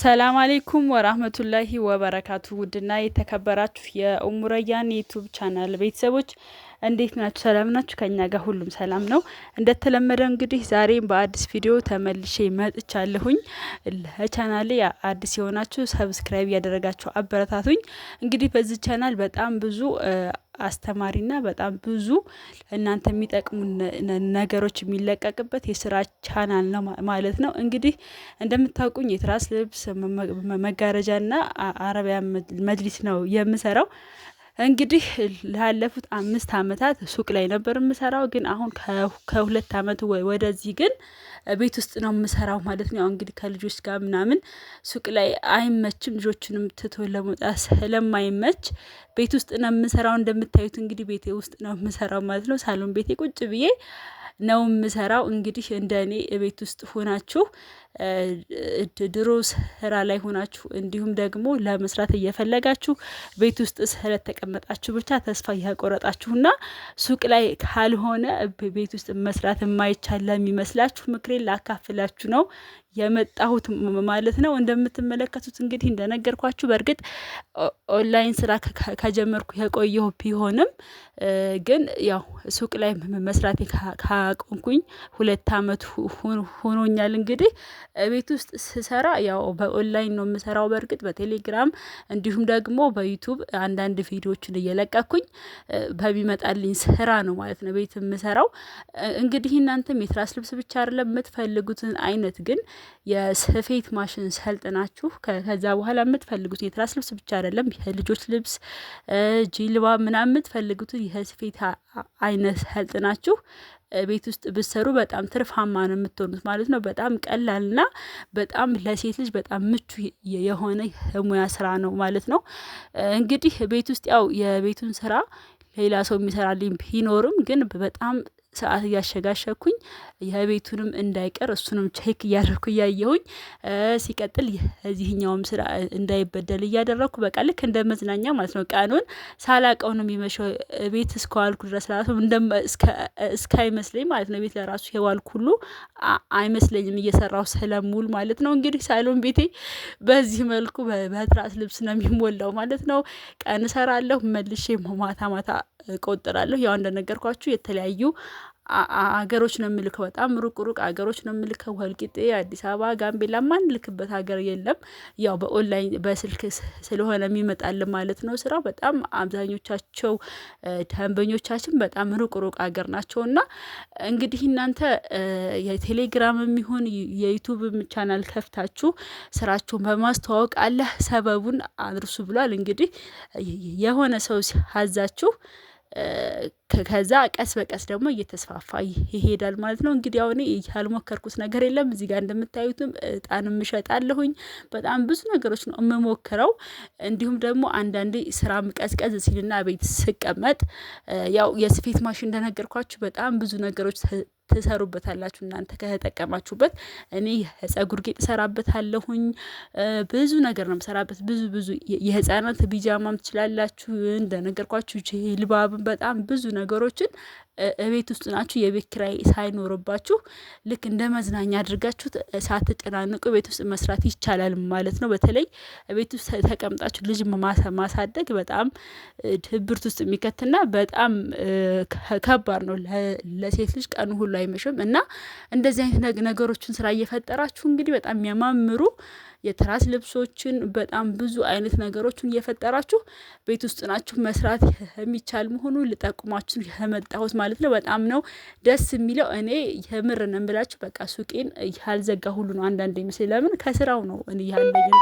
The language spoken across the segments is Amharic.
ሰላም አሌይኩም ወራህመቱላሂ ወበረካቱ። ውድና የተከበራችሁ የኡሙረያን ዩቱብ ቻናል ቤተሰቦች እንዴት ናችሁ? ሰላም ናችሁ? ከኛ ጋር ሁሉም ሰላም ነው። እንደተለመደው እንግዲህ ዛሬም በአዲስ ቪዲዮ ተመልሼ መጥቻለሁኝ። ለቻናሌ አዲስ የሆናችሁ ሰብስክራይብ እያደረጋችሁ አበረታቱኝ። እንግዲህ በዚህ ቻናል በጣም ብዙ አስተማሪና በጣም ብዙ እናንተ የሚጠቅሙ ነገሮች የሚለቀቅበት የስራ ቻናል ነው ማለት ነው። እንግዲህ እንደምታውቁኝ የትራስ ልብስ መጋረጃና አረቢያ መጅሊስ ነው የምሰራው። እንግዲህ ላለፉት አምስት አመታት ሱቅ ላይ ነበር የምሰራው። ግን አሁን ከሁለት አመት ወደዚህ ግን ቤት ውስጥ ነው የምሰራው ማለት ነው። እንግዲህ ከልጆች ጋር ምናምን ሱቅ ላይ አይመችም፣ ልጆችንም ትቶ ለመውጣት ስለማይመች ቤት ውስጥ ነው የምሰራው። እንደምታዩት እንግዲህ ቤቴ ውስጥ ነው የምሰራው ማለት ነው። ሳሎን ቤቴ ቁጭ ብዬ ነው የምሰራው። እንግዲህ እንደ እኔ ቤት ውስጥ ሆናችሁ ድሮ ስራ ላይ ሆናችሁ እንዲሁም ደግሞ ለመስራት እየፈለጋችሁ ቤት ውስጥ ስለተቀመጣችሁ ብቻ ተስፋ እያቆረጣችሁና ሱቅ ላይ ካልሆነ ቤት ውስጥ መስራት የማይቻል ለሚመስላችሁ ምክሬን ላካፍላችሁ ነው የመጣሁት ማለት ነው። እንደምትመለከቱት እንግዲህ እንደነገርኳችሁ በእርግጥ ኦንላይን ስራ ከጀመርኩ የቆየሁ ቢሆንም ግን ያው ሱቅ ላይ መስራት ካቆንኩኝ ሁለት አመት ሆኖኛል እንግዲህ ቤት ውስጥ ስሰራ ያው በኦንላይን ነው የምሰራው። በእርግጥ በቴሌግራም እንዲሁም ደግሞ በዩቱብ አንዳንድ ቪዲዮዎችን እየለቀኩኝ በሚመጣልኝ ስራ ነው ማለት ነው ቤት የምሰራው። እንግዲህ እናንተም የትራስ ልብስ ብቻ አይደለም የምትፈልጉትን አይነት ግን የስፌት ማሽን ሰልጥናችሁ ከዛ በኋላ የምትፈልጉት የትራስ ልብስ ብቻ አይደለም የልጆች ልብስ ጂልባ ምናምን የምትፈልጉትን የስፌት አይነት ሰልጥናችሁ ቤት ውስጥ ብሰሩ በጣም ትርፋማ ነው የምትሆኑት ማለት ነው። በጣም ቀላልና በጣም ለሴት ልጅ በጣም ምቹ የሆነ የሙያ ስራ ነው ማለት ነው። እንግዲህ ቤት ውስጥ ያው የቤቱን ስራ ሌላ ሰው የሚሰራልኝ ቢኖርም ግን በጣም ሰዓት እያሸጋሸኩኝ የቤቱንም እንዳይቀር እሱንም ቼክ እያደረኩ እያየሁኝ ሲቀጥል እዚህኛውም ስራ እንዳይበደል እያደረግኩ በቃ ልክ እንደ መዝናኛ ማለት ነው። ቀኑን ሳላቀው ነው የሚመሸው። ቤት እስከዋልኩ ድረስ ራሱ እስካይመስለኝ ማለት ነው። ቤት ለራሱ የዋልኩ ሁሉ አይመስለኝም እየሰራው ስለሙል ማለት ነው። እንግዲህ ሳሎን ቤቴ በዚህ መልኩ በትራስ ልብስ ነው የሚሞላው ማለት ነው። ቀን እሰራለሁ መልሼ ማታ ማታ እቆጥራለሁ። ያው እንደነገርኳችሁ የተለያዩ አገሮች ነው የምልከው። በጣም ሩቅ ሩቅ አገሮች ነው የምልከው። ወልቂጤ፣ አዲስ አበባ፣ ጋምቤላ ማንልክበት ሀገር የለም። ያው በኦንላይን በስልክ ስለሆነ የሚመጣልን ማለት ነው ስራው። በጣም አብዛኞቻቸው ደንበኞቻችን በጣም ሩቅ ሩቅ ሀገር ናቸው እና እንግዲህ እናንተ የቴሌግራም የሚሆን የዩቱብ ቻናል ከፍታችሁ ስራችሁን በማስተዋወቅ አላህ ሰበቡን አድርሱ ብሏል። እንግዲህ የሆነ ሰው ሲያዛችሁ ከዛ ቀስ በቀስ ደግሞ እየተስፋፋ ይሄዳል ማለት ነው። እንግዲህ አሁን ያልሞከርኩት ነገር የለም። እዚህ ጋር እንደምታዩትም እጣንም እሸጣለሁኝ። በጣም ብዙ ነገሮች ነው የምሞክረው። እንዲሁም ደግሞ አንዳንዴ ስራ ቀዝቀዝ ሲልና ቤት ስቀመጥ ያው የስፌት ማሽን እንደነገርኳችሁ በጣም ብዙ ነገሮች ትሰሩበታላችሁ እናንተ ከተጠቀማችሁበት። እኔ የጸጉር ጌጥ እሰራበታለሁኝ። ብዙ ነገር ነው የምሰራበት። ብዙ ብዙ የህጻናት ቢጃማም ትችላላችሁ። እንደነገርኳችሁ ጅልባብን፣ በጣም ብዙ ነገሮችን እቤት ውስጥ ናችሁ የቤት ኪራይ ሳይኖርባችሁ ልክ እንደ መዝናኛ አድርጋችሁ ሳትጨናንቁ ቤት ውስጥ መስራት ይቻላል ማለት ነው። በተለይ ቤት ውስጥ ተቀምጣችሁ ልጅ ማሳደግ በጣም ድብርት ውስጥ የሚከትና በጣም ከባድ ነው ለሴት ልጅ ቀኑ ሁሉ ላይ አይመሽም እና እንደዚህ አይነት ነገሮችን ስራ እየፈጠራችሁ እንግዲህ በጣም የሚያማምሩ የትራስ ልብሶችን በጣም ብዙ አይነት ነገሮችን እየፈጠራችሁ ቤት ውስጥ ናችሁ መስራት የሚቻል መሆኑ ልጠቁማችሁ የመጣሁት ማለት ነው። በጣም ነው ደስ የሚለው። እኔ የምር ነው የምላችሁ። በቃ ሱቄን ያልዘጋ ሁሉ ነው አንዳንድ ይመስል ለምን ከስራው ነው ያለኝ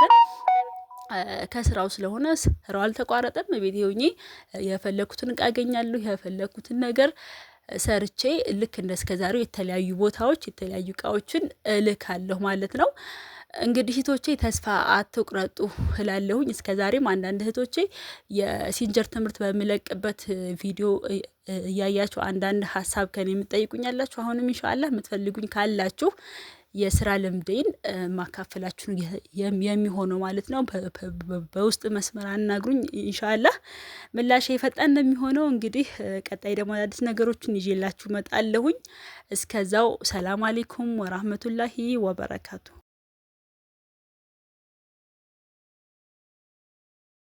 ከስራው ስለሆነ ስራው አልተቋረጠም። ቤት ሆኜ የፈለግኩትን እቃ አገኛለሁ። የፈለግኩትን ነገር ሰርቼ ልክ እንደ እስከዛሬው የተለያዩ ቦታዎች የተለያዩ እቃዎችን እልካለሁ ማለት ነው። እንግዲህ እህቶቼ ተስፋ አትቁረጡ እላለሁኝ። እስከዛሬም አንዳንድ እህቶቼ የሲንጀር ትምህርት በምለቅበት ቪዲዮ እያያችሁ አንዳንድ ሀሳብ ከኔ የምጠይቁኝ ያላችሁ አሁንም ኢንሻአላህ የምትፈልጉኝ ካላችሁ የስራ ልምዴን ማካፈላችሁ የሚሆነው ማለት ነው። በውስጥ መስመር አናግሩኝ። እንሻላ ምላሽ የፈጣን ነው የሚሆነው። እንግዲህ ቀጣይ ደግሞ አዳዲስ ነገሮችን ይዤላችሁ መጣለሁኝ። እስከዛው ሰላም አሌይኩም ወራህመቱላሂ ወበረካቱ።